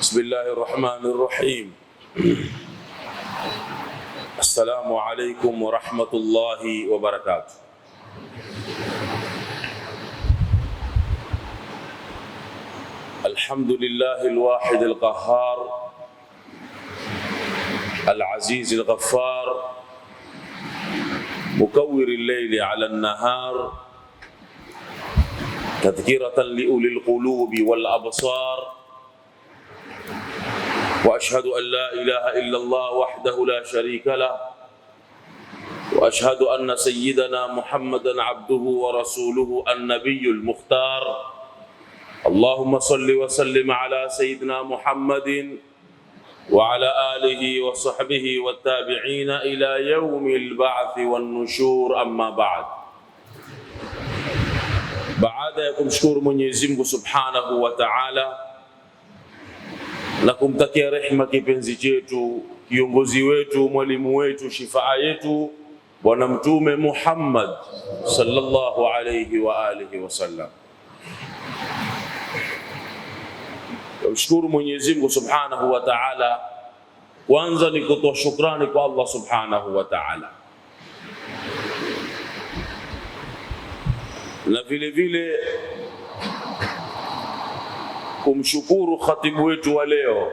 بسم الله الرحمن الرحيم السلام عليكم ورحمة الله وبركاته الحمد لله الواحد القهار العزيز الغفار مكور الليل على النهار تذكرة لأولي القلوب والأبصار واشهد ان لا اله الا الله وحده لا شريك له واشهد ان سيدنا محمدا عبده ورسوله النبي المختار اللهم صل وسلم على سيدنا محمد وعلى اله وصحبه والتابعين الى يوم البعث والنشور اما بعد بعد ya kumshukuru من يزمه سبحانه وتعالى na kumtakia rehma kipenzi chetu kiongozi wetu mwalimu wetu shifaa yetu Bwana Mtume Muhammad sallallahu alayhi wa alihi wasallam. Namshukuru Mwenyezi Mungu subhanahu wa taala. Kwanza ni kutoa shukrani kwa Allah subhanahu wa taala, na vile vile kumshukuru khatibu wetu wa leo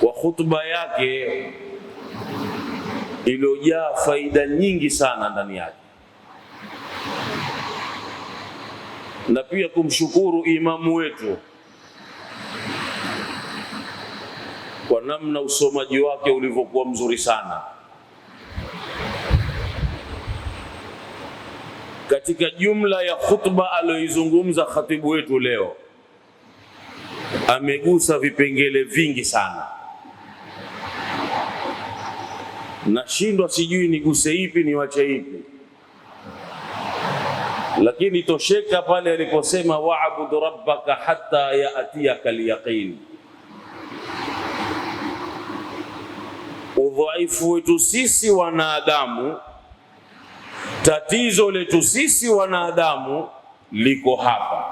kwa khutba yake iliyojaa faida nyingi sana ndani yake, na pia kumshukuru imamu wetu kwa namna usomaji wake ulivyokuwa mzuri sana. katika jumla ya khutba aliyoizungumza khatibu wetu leo amegusa vipengele vingi sana. Nashindwa sijui niguse ipi niwache ipi, lakini tosheka pale aliposema waabudu rabbaka hatta yaatiyaka alyaqini. Udhaifu wetu sisi wanadamu Tatizo letu sisi wanadamu liko hapa,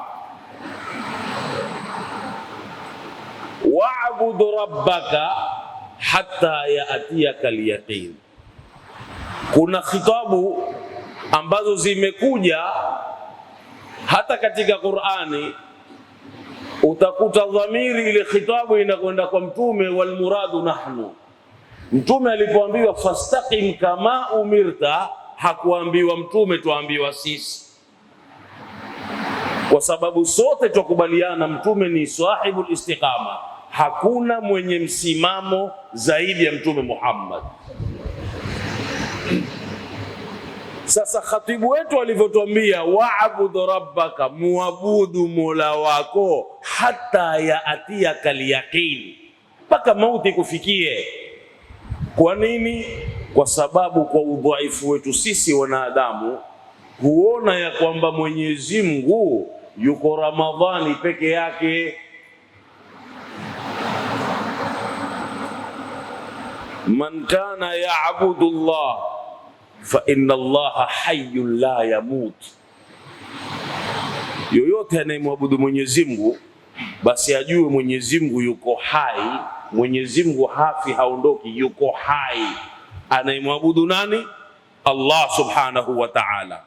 wabudu rabbaka hatta yaatiyaka alyaqin. Kuna khitabu ambazo zimekuja hata katika Qur'ani, utakuta dhamiri ile khitabu inakwenda kwa mtume, walmuradu nahnu. Mtume alipoambiwa fastaqim kama umirta hakuambiwa mtume, twaambiwa sisi, kwa sababu sote twakubaliana mtume ni sahibu istiqama. Hakuna mwenye msimamo zaidi ya mtume Muhammad. Sasa khatibu wetu alivyotuambia wabudu rabbaka, muabudu mola wako, hata yaatiaka lyaqini, mpaka mauti kufikie. Kwa nini? kwa sababu kwa udhaifu wetu sisi wanadamu huona ya kwamba Mwenyezi Mungu yuko Ramadhani peke yake. Man kana ya'budu Allah fa inna Allah hayyun la yamut, yoyote anayemwabudu Mwenyezi Mungu basi ajue Mwenyezi Mungu yuko hai. Mwenyezi Mungu hafi, haondoki, yuko hai anayemwabudu nani? Allah subhanahu wa ta'ala.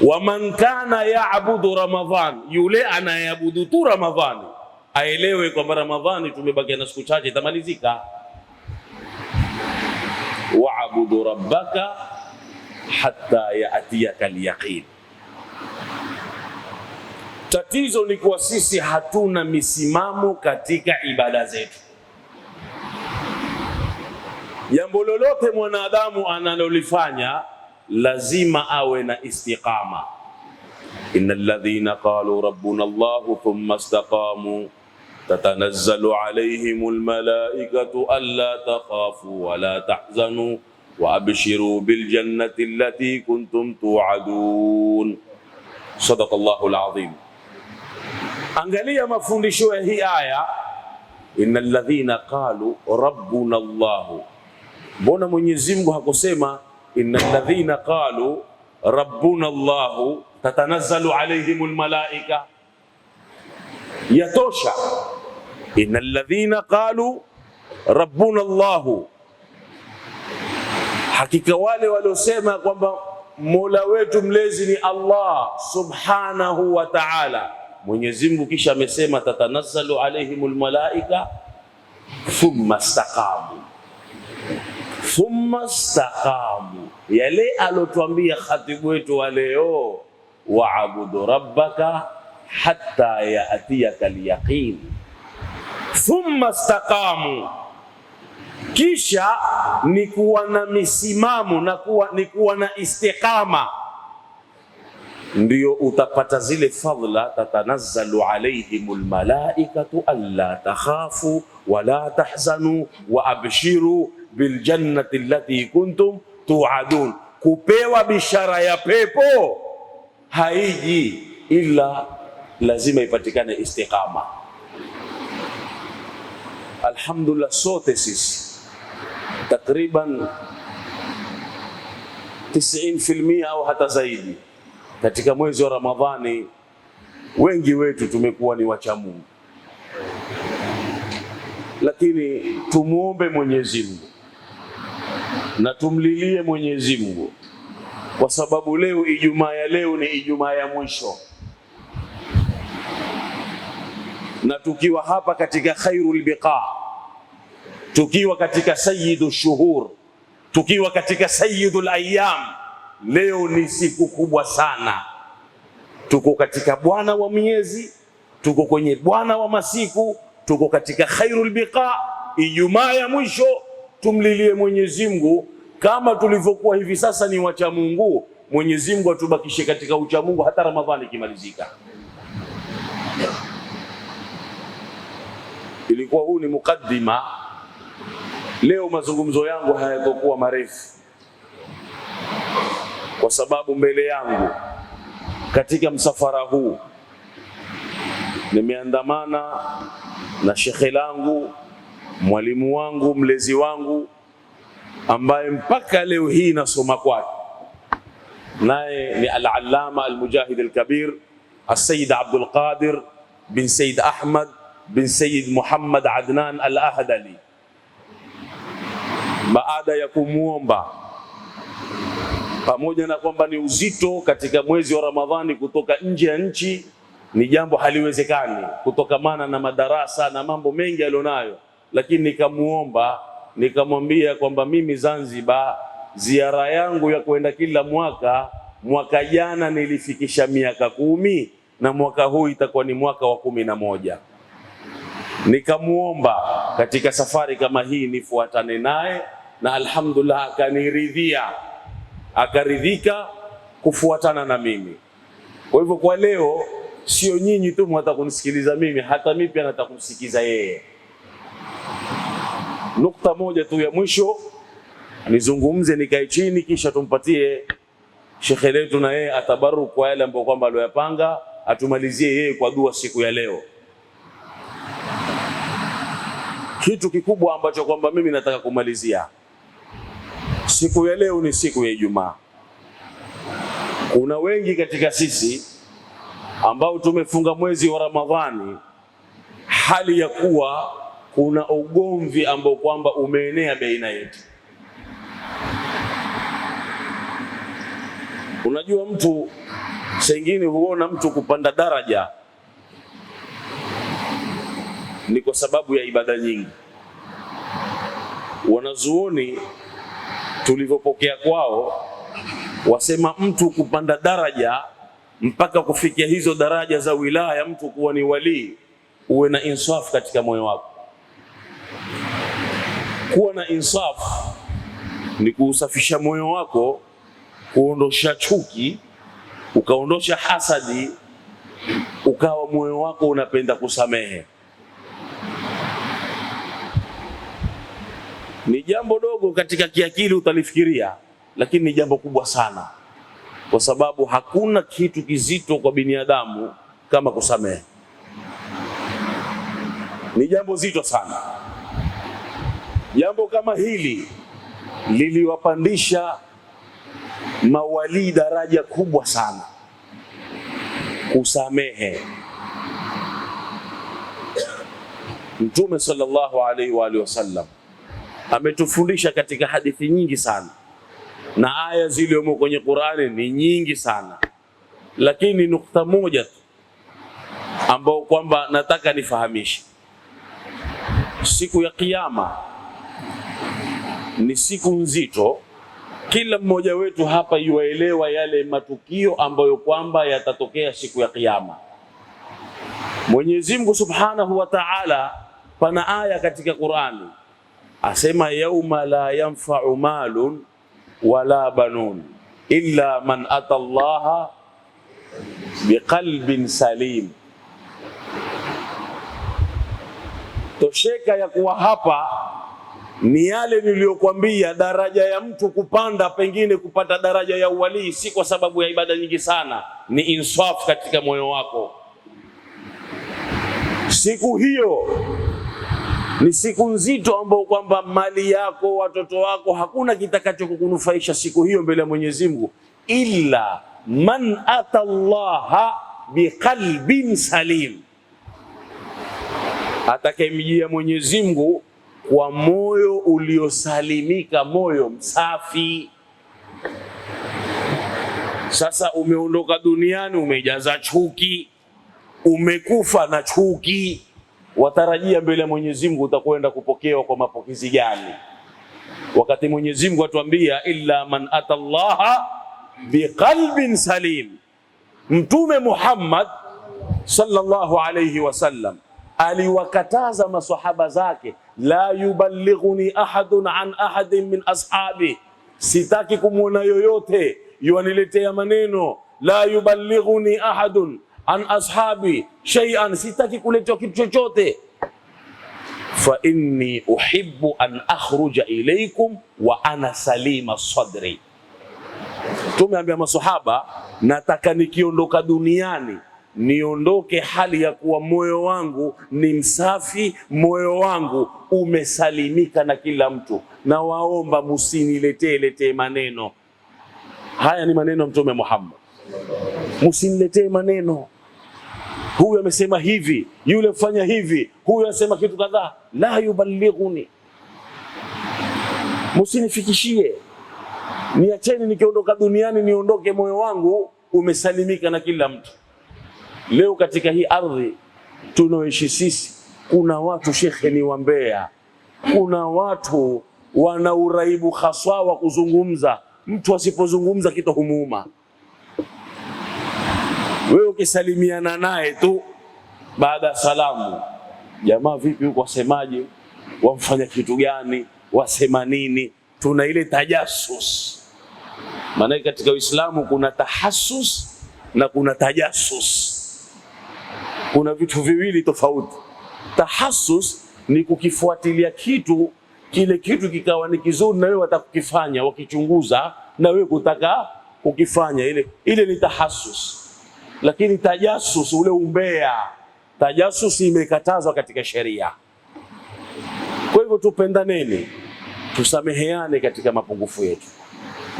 Waman kana yaabudu Ramadhan, yule anayeabudu tu Ramadhani aelewe kwamba Ramadhani tumebakia na siku chache itamalizika. Waabudu rabbaka hatta yaatiyaka alyaqin. Tatizo ni kuwa sisi hatuna misimamo katika ibada zetu. jambo lolote mwanadamu analolifanya lazima awe na istiqama. Inna alladhina qalu rabbuna Allahu thumma istaqamu tatanazzalu alayhimul malaikatu alla takhafu wa la tahzanu wa abshiru bil jannati allati kuntum tu'adun. Sadaqallahu alazim. Angalia mafundisho ya hii aya, inna alladhina qalu rabbuna Allahu Mbona Mwenyezi Mungu hakusema innal ladhina qalu rabbuna Allahu tatanazzalu alaihimul malaika? Yatosha, innal ladhina qalu rabbuna Allahu, hakika wale waliosema kwamba mola wetu mlezi ni Allah subhanahu wa ta'ala. Mwenyezi Mungu kisha amesema tatanazzalu alaihimul malaika thumma istaqamu thumma staqamu. Yale alotwambia khatibu wetu wa leo, waabudu rabbaka hatta yaatiyaka alyaqin. Thumma staqamu, kisha ni kuwa na misimamo na kuwa ni kuwa na istiqama, ndio utapata zile fadhila. tatanazzalu alaihimul malaikatu alla takhafu wala tahzanu wa abshiru biljannati allati kuntum tuadun, kupewa bishara ya pepo haiji ila lazima ipatikane istiqama. Alhamdulillah, sote sisi takriban 90% au hata zaidi katika mwezi wa Ramadhani, wengi wetu tumekuwa ni wacha Mungu, lakini tumuombe Mwenyezi Mungu na tumlilie Mwenyezi Mungu kwa sababu leo Ijumaa ya leo ni Ijumaa ya mwisho, na tukiwa hapa katika khairul biqa, tukiwa katika sayyidu shuhur, tukiwa katika sayyidu ayyam, leo ni siku kubwa sana. Tuko katika bwana wa miezi, tuko kwenye bwana wa masiku, tuko katika khairul biqa, Ijumaa ya mwisho tumlilie Mwenyezi Mungu kama tulivyokuwa hivi sasa ni wacha Mungu. Mwenyezi Mungu atubakishe katika ucha Mungu hata Ramadhani ikimalizika. Ilikuwa huu ni mukaddima. Leo mazungumzo yangu hayakokuwa marefu, kwa sababu mbele yangu katika msafara huu nimeandamana na shekhe langu mwalimu wangu, mlezi wangu ambaye mpaka leo hii nasoma kwake, naye ni al-Allama al-Mujahid al-Kabir as-sayyid Abdul Qadir bin Sayyid Ahmad bin Sayyid Muhammad Adnan al-Ahdali. Baada ya kumwomba pamoja na kwamba ni uzito katika mwezi wa Ramadhani kutoka nje ya nchi ni jambo haliwezekani, kutokamana na madarasa na mambo mengi alionayo lakini nikamuomba nikamwambia kwamba mimi Zanzibar ziara yangu ya kwenda kila mwaka, mwaka jana nilifikisha miaka kumi na mwaka huu itakuwa ni mwaka wa kumi na moja. Nikamuomba katika safari kama hii nifuatane naye na alhamdulillah, akaniridhia akaridhika kufuatana na mimi. Kwa hivyo kwa leo sio nyinyi tu mwatakunisikiliza mimi, hata mimi pia natakumsikiza yeye. Nukta moja tu ya mwisho nizungumze, nikae chini, kisha tumpatie shekhe letu na yeye atabaru kwa yale ambayo kwamba aliyopanga, atumalizie yeye kwa dua siku ya leo. Kitu kikubwa ambacho kwamba mimi nataka kumalizia siku ya leo ni siku ya Ijumaa. Kuna wengi katika sisi ambao tumefunga mwezi wa Ramadhani hali ya kuwa kuna ugomvi ambao kwamba umeenea baina yetu. Unajua, mtu sengine huona mtu kupanda daraja ni kwa sababu ya ibada nyingi. Wanazuoni tulivyopokea kwao wasema mtu kupanda daraja mpaka kufikia hizo daraja za wilaya, mtu kuwa ni walii, uwe na insaf katika moyo wako. Kuwa na insafu ni kuusafisha moyo wako, kuondosha chuki, ukaondosha hasadi, ukawa moyo wako unapenda kusamehe. Ni jambo dogo katika kiakili, utalifikiria lakini ni jambo kubwa sana, kwa sababu hakuna kitu kizito kwa binadamu kama kusamehe. Ni jambo zito sana. Jambo kama hili liliwapandisha mawalii daraja kubwa sana, kusamehe. Mtume sallallahu alaihi wa alihi wasallam ametufundisha katika hadithi nyingi sana na aya ziliomo kwenye Qur'ani ni nyingi sana, lakini nukta moja tu ambao kwamba nataka nifahamishe siku ya Kiyama ni siku nzito. Kila mmoja wetu hapa yuwaelewa yale matukio ambayo kwamba yatatokea siku ya Kiyama. Mwenyezi Mungu Subhanahu wa Ta'ala, pana aya katika Qur'ani asema, yauma la yanfa'u malun wala banun illa man ata llaha biqalbin salim. Tosheka ya kuwa hapa ni yale niliyokwambia, daraja ya mtu kupanda pengine kupata daraja ya uwalii si kwa sababu ya ibada nyingi sana, ni insaf katika moyo wako. Siku hiyo ni siku nzito ambayo kwamba mali yako, watoto wako, hakuna kitakacho kukunufaisha siku hiyo mbele ya Mwenyezi Mungu illa man ata Allaha biqalbin salim, atakayemjia Mwenyezi Mungu kwa moyo uliosalimika, moyo msafi. Sasa umeondoka duniani umejaza chuki, umekufa na chuki, watarajia mbele ya Mwenyezi Mungu utakwenda kupokewa kwa mapokezi gani? Wakati Mwenyezi Mungu atuambia illa man atallaha biqalbin salim. Mtume Muhammad sallallahu alayhi wasallam aliwakataza maswahaba zake, la yuballighuni ahadun an ahadin min ashabi, sitaki kumwona yoyote yuaniletea maneno. La yuballighuni ahadun an ashabi shay'an, sitaki kuletea kitu chochote. Fa inni uhibbu an akhruja ilaykum wa ana salima sadri. Tumeambia maswahaba, nataka nikiondoka duniani niondoke hali ya kuwa moyo wangu ni msafi, moyo wangu umesalimika na kila mtu. Na waomba musiniletee letee maneno haya. Ni maneno ya Mtume Muhammad, musiniletee maneno, huyu amesema hivi, yule kufanya hivi, huyu asema kitu kadhaa. La yuballighuni, musinifikishie. Niacheni nikiondoka duniani, niondoke moyo wangu umesalimika na kila mtu. Leo katika hii ardhi tunaoishi sisi, kuna watu shekhe, ni wambea, kuna watu wana uraibu haswa wa kuzungumza. Mtu asipozungumza kitu humuuma. Wewe ukisalimiana naye tu baada ya salamu, jamaa, vipi huko, wasemaje, wamfanya kitu gani, wasema nini? Tuna ile tajasus. Maanake katika Uislamu kuna tahasus na kuna tajasus kuna vitu viwili tofauti. Tahasus ni kukifuatilia kitu kile kitu kikawa ni kizuri, na wewe watakukifanya wakichunguza, na wewe kutaka kukifanya, ile ile ni tahasus. Lakini tajasus, ule umbea, tajasus imekatazwa katika sheria. Kwa hivyo tupendaneni, tusameheane katika mapungufu yetu.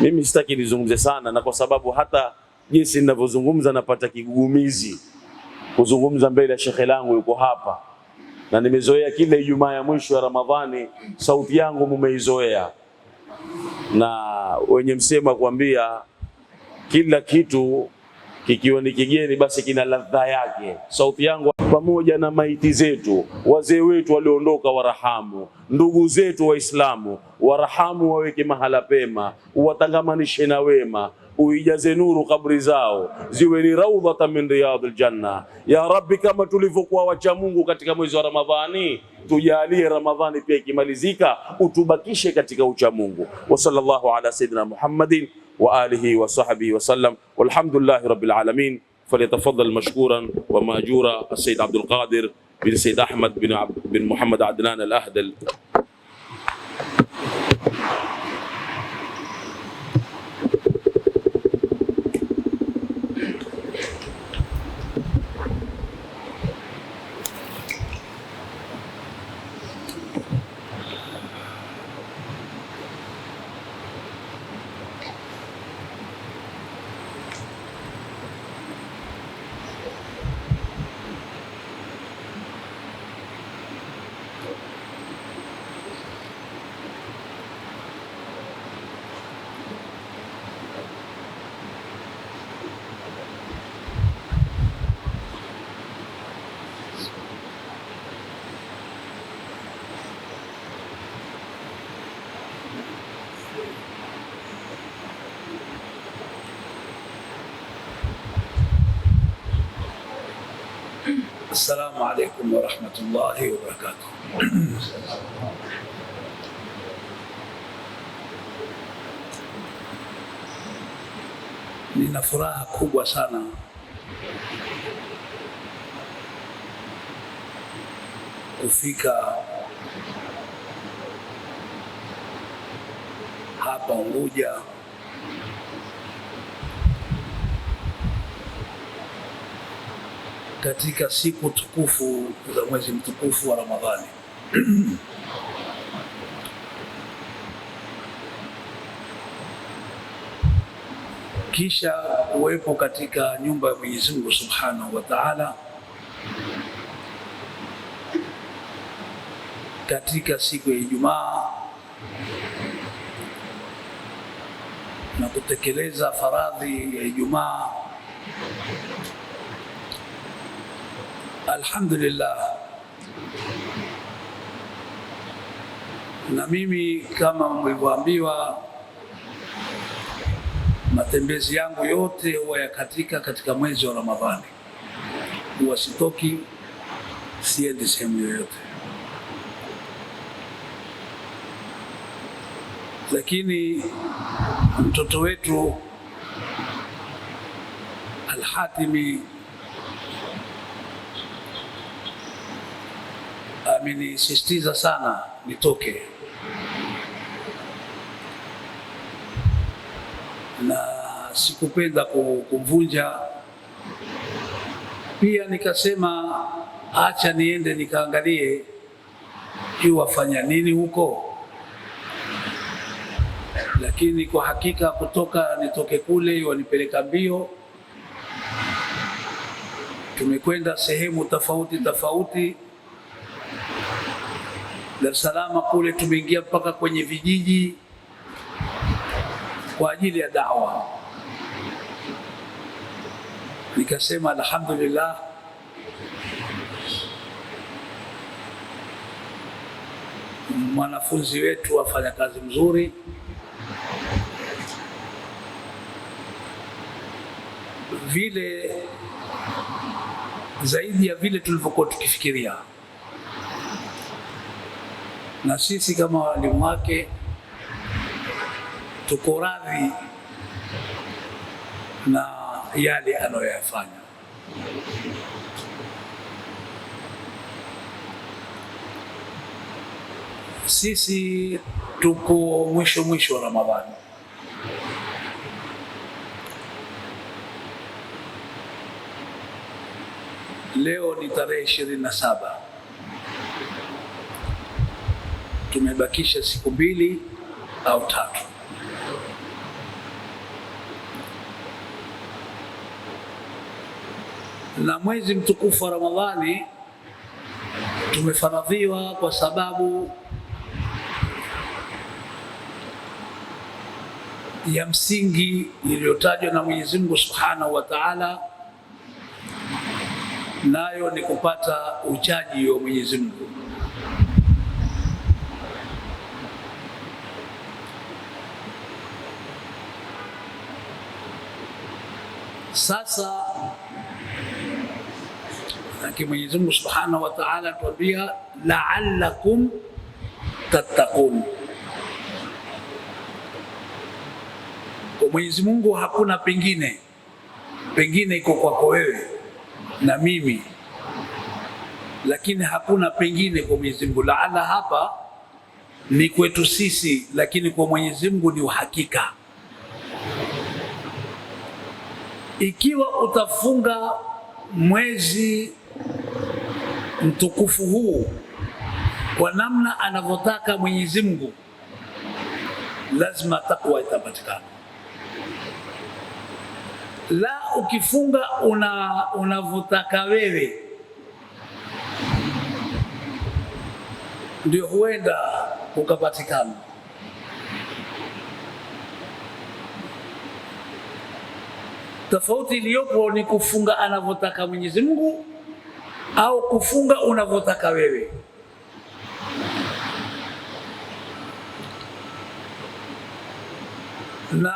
Mimi sitaki nizungumze sana, na kwa sababu hata jinsi ninavyozungumza napata kigugumizi kuzungumza mbele ya shekhe langu yuko hapa, na nimezoea kila Ijumaa ya mwisho ya Ramadhani, sauti yangu mumeizoea, na wenye msema kuambia kila kitu kikiwa ni kigeni basi kina ladha yake. Sauti yangu pamoja na maiti zetu, wazee wetu walioondoka, warahamu ndugu zetu Waislamu, warahamu, waweke mahala pema, uwatangamanishe na wema uijaze nuru kabri zao ziwe ni raudha min riyadil janna. Ya Rabbi, kama tulivyokuwa wacha Mungu katika mwezi wa Ramadhani, tujalie Ramadhani pia ikimalizika utubakishe katika ucha Mungu. Wa sallallahu ala sayidina Muhammadin wa alihi wa sahbihi wa sallam, walhamdulillah rabbil alamin. Falyatafaddal mashkuran wa majura. Sayyid Abdul Qadir bin Sayyid Ahmad bin, bin Muhammad Adnan al-Ahdal. Assalamu alaikum warahmatullahi wabarakatuh. Nina furaha kubwa sana kufika hapa Unguja katika siku tukufu za mwezi mtukufu wa Ramadhani. Kisha kuwepo katika nyumba ya Mwenyezi Mungu Subhanahu wa Ta'ala katika siku ya Ijumaa na kutekeleza faradhi ya Ijumaa alhamdulillah. Na mimi kama mlivyoambiwa, matembezi yangu yote huwa yakatika katika mwezi wa Ramadhani, huwa sitoki, siendi sehemu yoyote, lakini mtoto wetu Alhatimi amenisisitiza sana nitoke, na sikupenda kumvunja. Pia nikasema acha niende nikaangalie iwafanya nini huko, lakini kwa hakika kutoka nitoke kule wanipeleka mbio tumekwenda sehemu tofauti tofauti, Dar es Salaam kule tumeingia mpaka kwenye vijiji kwa ajili ya dawa. Nikasema alhamdulillah, mwanafunzi wetu wafanya kazi mzuri, vile zaidi ya vile tulivyokuwa tukifikiria na sisi kama walimu wake tuko radhi na yale anayoyafanya. Sisi tuko mwisho mwisho wa Ramadhani. Leo ni tarehe ishirini na saba. tumebakisha siku mbili au tatu. Na mwezi mtukufu wa Ramadhani tumefaradhiwa kwa sababu ya msingi iliyotajwa na Mwenyezi Mungu Subhanahu wa Ta'ala, nayo ni kupata uchaji wa Mwenyezi Mungu. Sasa aki Mwenyezi Mungu Subhanahu wa Ta'ala atuambia la'allakum tattaqun. Kwa Mwenyezi Mungu hakuna pengine, pengine iko kwako wewe na mimi, lakini hakuna pengine kwa Mwenyezi Mungu. Laala hapa ni kwetu sisi, lakini kwa Mwenyezi Mungu ni uhakika. Ikiwa utafunga mwezi mtukufu huu kwa namna anavyotaka Mwenyezi Mungu, lazima takwa itapatikana. La ukifunga una unavyotaka wewe, ndio huenda ukapatikana. Tofauti iliyopo ni kufunga anavyotaka Mwenyezi Mungu au kufunga unavyotaka wewe. Na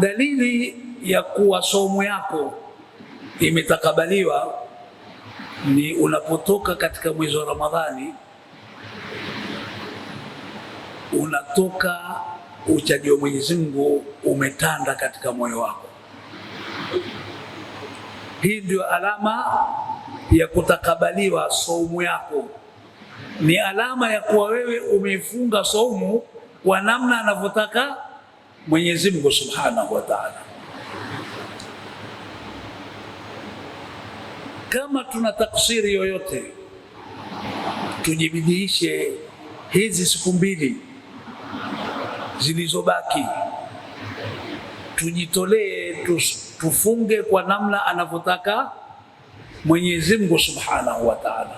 dalili ya kuwa somo yako imetakabaliwa ni unapotoka katika mwezi wa Ramadhani, unatoka uchaji wa Mwenyezi Mungu umetanda katika moyo wako. Hii ndio alama ya kutakabaliwa saumu yako, ni alama ya kuwa wewe umeifunga saumu kwa namna anavyotaka Mwenyezi Mungu Subhanahu wa Ta'ala. Kama tuna taksiri yoyote, tujibidiishe hizi siku mbili zilizobaki tujitolee tufunge kwa namna anavyotaka Mwenyezi Mungu Subhanahu wa Ta'ala.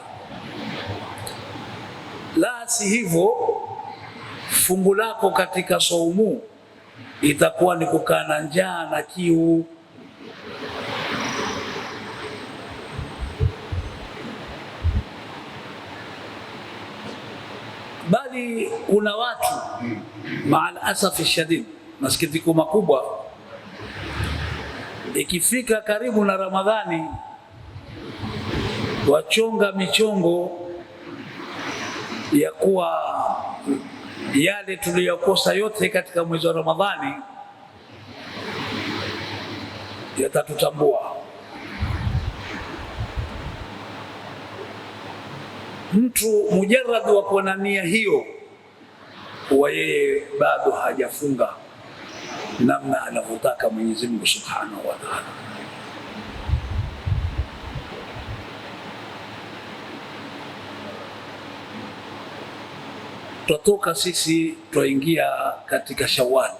La si hivyo, fungu lako katika saumu itakuwa ni kukaa na njaa na kiu. Bali kuna watu maal asafi shadid, masikitiko makubwa Ikifika karibu na Ramadhani, wachonga michongo ya kuwa yale tuliyokosa yote katika mwezi wa Ramadhani yatatutambua. Mtu mujarrad wa kuwa na nia hiyo, huwa yeye bado hajafunga namna anavyotaka Mwenyezi Mungu Subhanahu wa Ta'ala. Twatoka sisi twaingia katika Shawwal.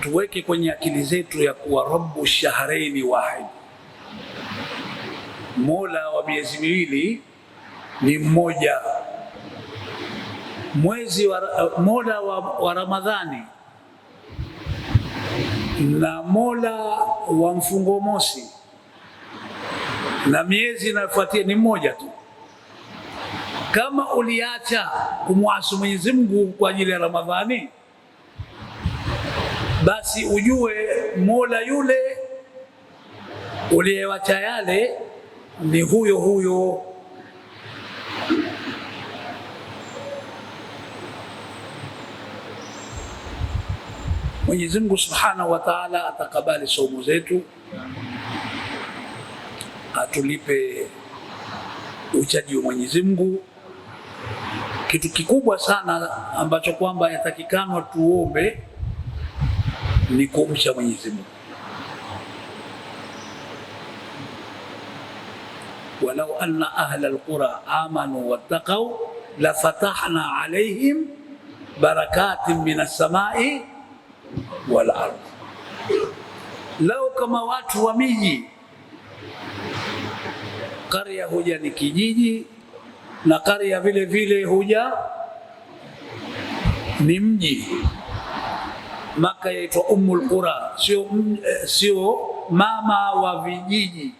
Tuweke kwenye akili zetu ya kuwa rabbu shahreini wahid, mola wa miezi miwili ni mmoja mwezi wa, mola wa, wa Ramadhani na mola wa mfungo mosi na miezi inayofuatia ni mmoja tu. Kama uliacha kumwasi Mwenyezi Mungu kwa ajili ya Ramadhani, basi ujue mola yule uliyewacha yale ni huyo huyo. Mwenyezi Mungu Subhanahu wa Ta'ala atakabali somo zetu, atulipe uchaji wa Mwenyezi Mungu. Kitu kikubwa sana ambacho kwamba yatakikanwa tuombe ni kumcha Mwenyezi Mungu. walau anna ahla alqura amanu wattaqau la fatahna alaihim barakatin minas samai wal ardhi. Lao kama watu wa miji, karya huja ni kijiji na karya vile vile huja ni mji. Maka yaitwa Ummul Qura, sio eh, sio mama wa vijiji,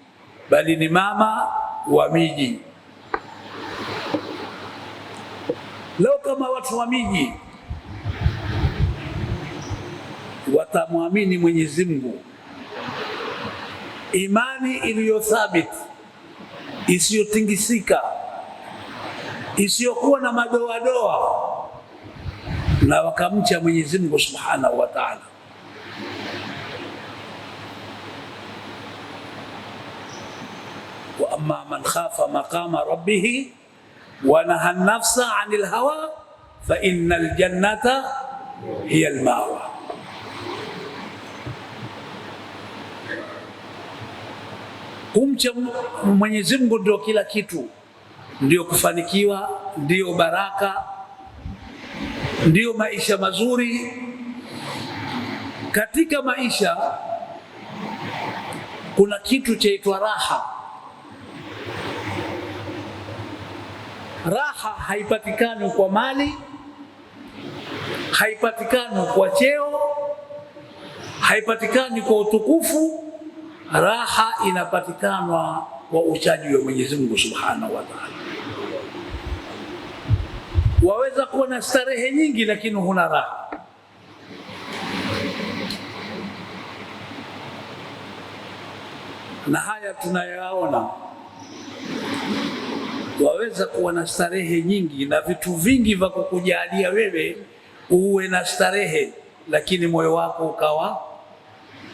bali ni mama wa miji. Lao kama watu wa miji atamwamini Mwenyezi Mungu. Imani iliyo thabiti, isiyotingisika, isiyokuwa na madoadoa, na wakamcha Mwenyezi Mungu Subhanahu wa Ta'ala. Wa amma man khafa maqama rabbih wa naha nafsa 'anil hawa fa innal jannata hiya al-mawa. Kumcha Mwenyezi Mungu ndio kila kitu, ndio kufanikiwa, ndio baraka, ndio maisha mazuri katika maisha. Kuna kitu chaitwa raha. Raha haipatikani kwa mali, haipatikani kwa cheo, haipatikani kwa utukufu Raha inapatikana kwa uchaji wa Mwenyezi Mungu Subhanahu wa Ta'ala. Waweza kuwa na starehe nyingi, lakini huna raha. Na haya tunayaona, waweza kuwa na starehe nyingi na vitu vingi vya kukujalia wewe uwe na starehe, lakini moyo wako ukawa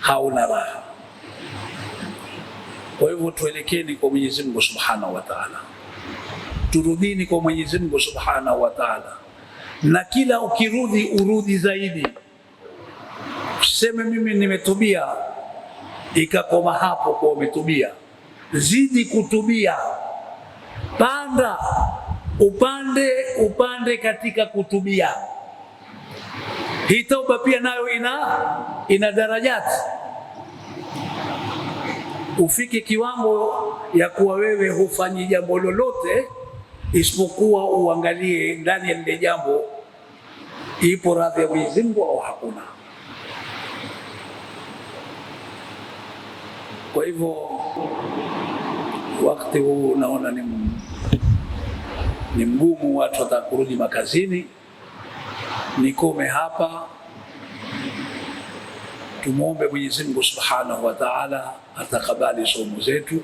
hauna raha. Kwa hivyo tuelekeni kwa Mwenyezi Mungu Subhanahu wa Ta'ala, turudini kwa Mwenyezi Mungu Subhanahu wa Ta'ala, na kila ukirudi urudi zaidi. Usiseme mimi nimetubia ikakoma hapo kwa umetubia, zidi kutubia, panda upande upande katika kutubia. Hii tauba pia nayo ina ina darajati ufike kiwango ya kuwa wewe hufanyi jambo lolote isipokuwa uangalie ndani ya lile jambo ipo radhi ya Mwenyezi Mungu au hakuna. Kwa hivyo wakati huu naona ni, ni mgumu, watu watakurudi makazini, nikome hapa. Tumwombe Mwenyezi Mungu Subhanahu wa Ta'ala atakabali somo zetu,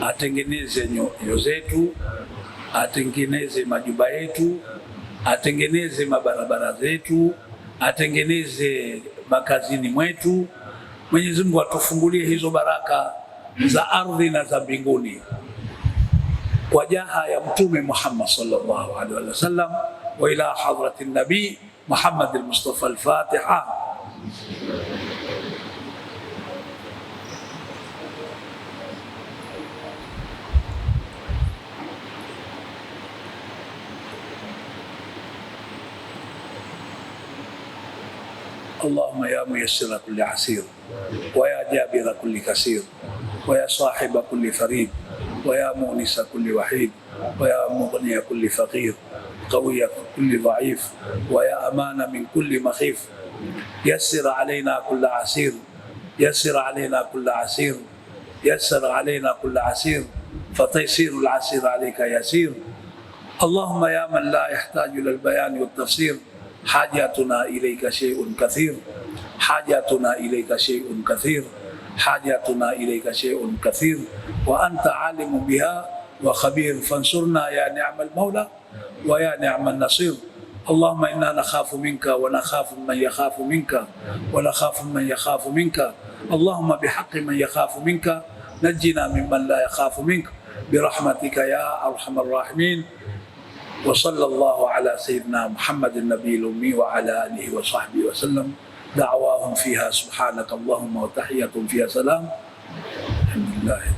atengeneze nyoyo zetu, atengeneze majumba yetu, atengeneze mabarabara zetu, atengeneze makazini mwetu. Mwenyezi Mungu atufungulie hizo baraka za ardhi na za mbinguni kwa jaha ya Mtume Muhammad sallallahu alaihi wasallam wa ila hadratin nabii Muhammad al-Mustafa al-Fatiha اللهم يا ميسر كل عسير ويا جابر كل كسير ويا صاحب كل فريد ويا مؤنس كل وحيد ويا مغني كل فقير قوي كل ضعيف ويا أمان من كل مخيف يسر علينا كل عسير يسر علينا كل عسير يسر علينا كل عسير فتيسير العسير عليك يسير اللهم يا من لا يحتاج إلى البيان والتفسير حاجتنا إليك شيء كثير حاجتنا إليك شيء كثير حاجتنا إليك شيء كثير وأنت عالم بها وخبير فانصرنا يا نعم المولى ويا نعم النصير اللهم إنا نخاف منك ونخاف من يخاف منك ونخاف من يخاف منك اللهم بحق من يخاف منك نجنا ممن لا يخاف منك برحمتك يا أرحم الراحمين وصلى الله على سيدنا محمد النبي الأمي وعلى آله وصحبه وسلم دعواهم فيها سبحانك اللهم وتحية فيها سلام الحمد لله